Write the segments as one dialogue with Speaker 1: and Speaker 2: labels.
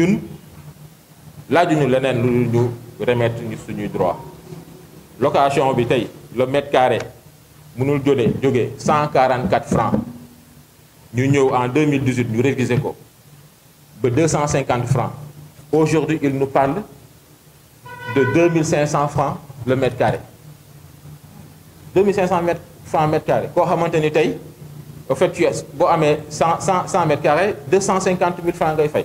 Speaker 1: Nous, nous leneen lu remettre ñu droit location bi le mètre carré nous nous 144 francs Nous ñëw en 2018 nous révisé ko 250 francs aujourd'hui il nous parle de 2500 francs le mètre carré 2500 mètres francs mètre carré Quand on a monté fait tu es 100 100 mètres carrés 250 000 francs ngay fay.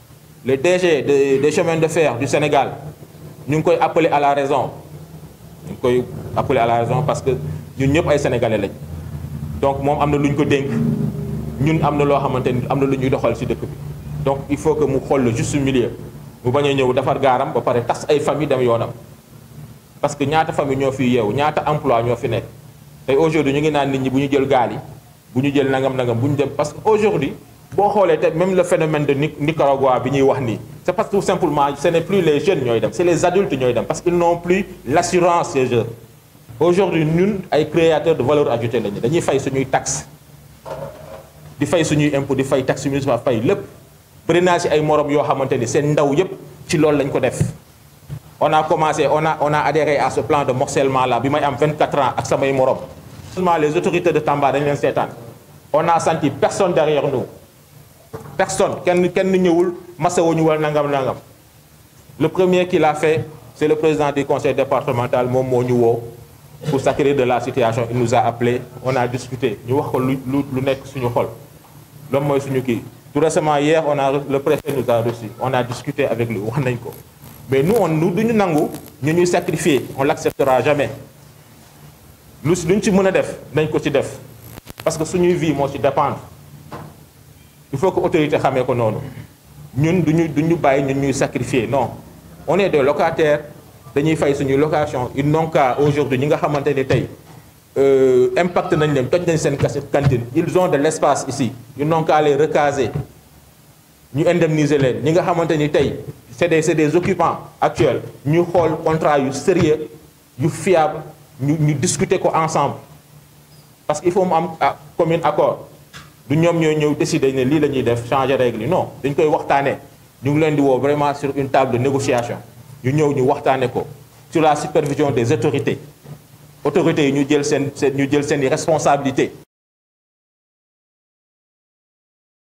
Speaker 1: le DG des chemins de fer du Sénégal nous avons appelé à la raison nous avons appelé à la raison parce que nous ñun pas ay sénégalais donc nous avons appelé à la ko Nous ñun appelé à la raison. Nous avons appelé à doxal donc il faut que nous prenions le juste milieu nous avons appelé à la ba pare tas ay famille parce que ñaata famille ñoo fi yeewu ñaata emploi ñoo fi aujourd'hui nous ngi appelé nit ñi bu jël parce qu'aujourd'hui même le phénomène de Nicaragua bi ñuy c'est pas tout simplement ce n'est plus les jeunes c'est les adultes parce qu'ils n'ont plus l'assurance ces jeunes aujourd'hui ñun ay créateurs de valeur ajoutée nous dañuy fay suñuy taxe di fay suñuy impôt di fay taxe nous fay lépp ay morom ndaw on a commencé on a on a adhéré à ce plan de morcellement là bi may am 24 ans ak samay morom les autorités de Tamba dañ leen on a senti personne derrière nous le premier qui l'a fait, c'est le président du conseil départemental, pour s'acquérir de la situation. Il nous a appelés, on a discuté. Nous avons Tout récemment, hier, on a, le préfet nous a reçus. On a discuté avec lui. Mais nous, on, nous, nous, nous, nous On l'acceptera jamais. Nous, nous, nous, nous, nous, nous, nous, il faut que l'autorité sache ko nous ñun duñu duñu nous sacrifier non on est des locataires dañuy fait une location ils n'ont qu'à aujourd'hui ñi nga des détails. Euh, impact nañ le dans les cantine ils ont de l'espace ici ils n'ont qu'à les recaser Nous indemniser les ñi nga xamante ni c'est des c'est des occupants actuels Nous allons contrat contrats sérieux fiable ñu ñu discuter ensemble parce qu'il faut ah, un un accord nous ñom ñooy ñëw décider changer règle règles. non dañ koy waxtané ñu vraiment sur une table de négociation Nous ñew ñu sur la supervision des autorités autorités nous ñu jël sen ñu